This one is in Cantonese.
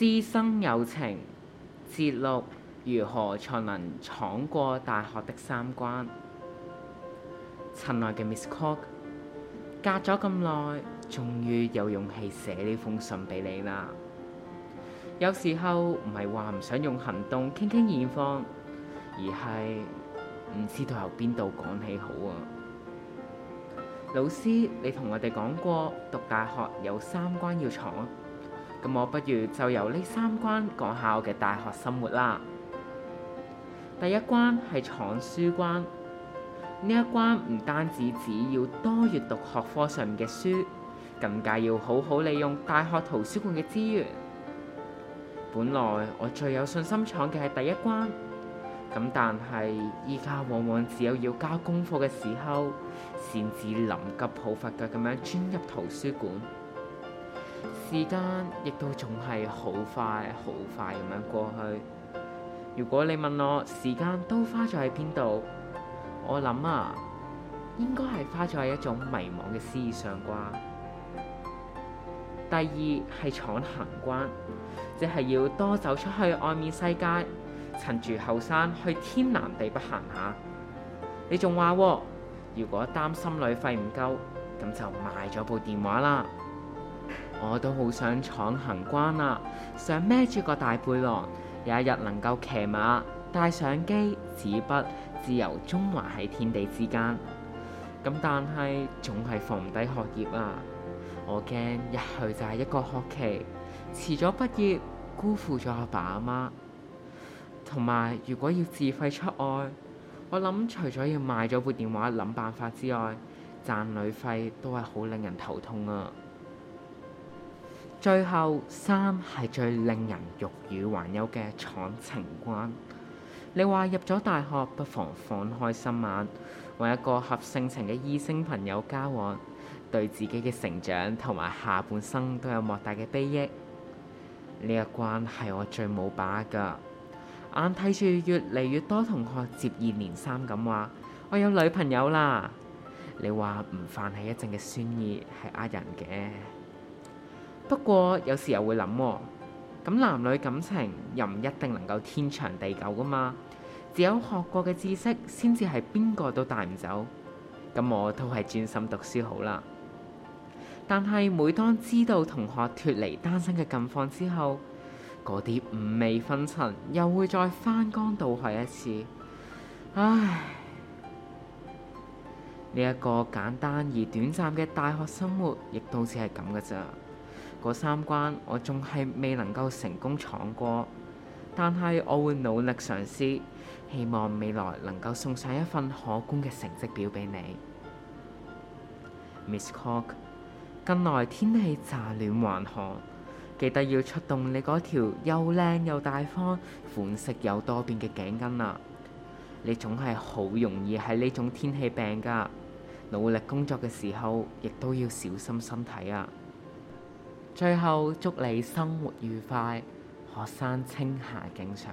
師生有情，節錄如何才能闖過大學的三關？親愛嘅 Miss Cook，隔咗咁耐，終於有勇氣寫呢封信俾你啦。有時候唔係話唔想用行動傾傾現況，而係唔知道由邊度講起好啊。老師，你同我哋講過讀大學有三關要闖。咁我不如就由呢三關講下我嘅大學生活啦。第一關係闖書關，呢一關唔單止只要多閱讀學科上面嘅書，更加要好好利用大學圖書館嘅資源。本來我最有信心闖嘅係第一關，咁但係依家往往只有要交功課嘅時候，先至臨急抱佛腳咁樣鑽入圖書館。時間亦都總係好快好快咁樣過去。如果你問我時間都花咗喺邊度，我諗啊，應該係花咗喺一種迷茫嘅思想啩。第二係闖行關，即係要多走出去外面世界，趁住後生去天南地北行下。你仲話，如果擔心旅費唔夠，咁就賣咗部電話啦。我都好想闖行關啊！想孭住個大背囊，有一日能夠騎馬、帶相機、紙筆，自由中華喺天地之間。咁但係總係放唔低學業啊！我驚一去就係一個學期，遲咗畢業，辜負咗阿爸阿媽。同埋如果要自費出外，我諗除咗要賣咗部電話諗辦法之外，賺旅費都係好令人頭痛啊！最後三係最令人欲語還休嘅闖情關。你話入咗大學不妨放開心眼，揾一個合性情嘅異性朋友交往，對自己嘅成長同埋下半生都有莫大嘅裨益。呢一個關係我最冇把握，眼睇住越嚟越多同學接二連三咁話我有女朋友啦。你話唔泛起一陣嘅酸意係呃人嘅。不過有時又會諗咁、哦，男女感情又唔一定能夠天長地久噶嘛。只有學過嘅知識先至係邊個都帶唔走。咁我都係專心讀書好啦。但係每當知道同學脱離單身嘅近況之後，嗰啲五味紛陳又會再翻江倒海一次。唉，呢一個簡單而短暫嘅大學生活，亦都只係咁噶咋。嗰三關我仲係未能夠成功闖過，但係我會努力嘗試，希望未來能夠送上一份可觀嘅成績表俾你，Miss Cook。近來天氣乍暖還寒，記得要出動你嗰條又靚又大方、款式又多變嘅頸巾啦，啊。你總係好容易喺呢種天氣病噶，努力工作嘅時候亦都要小心身體啊。最後祝你生活愉快，學生青霞敬上。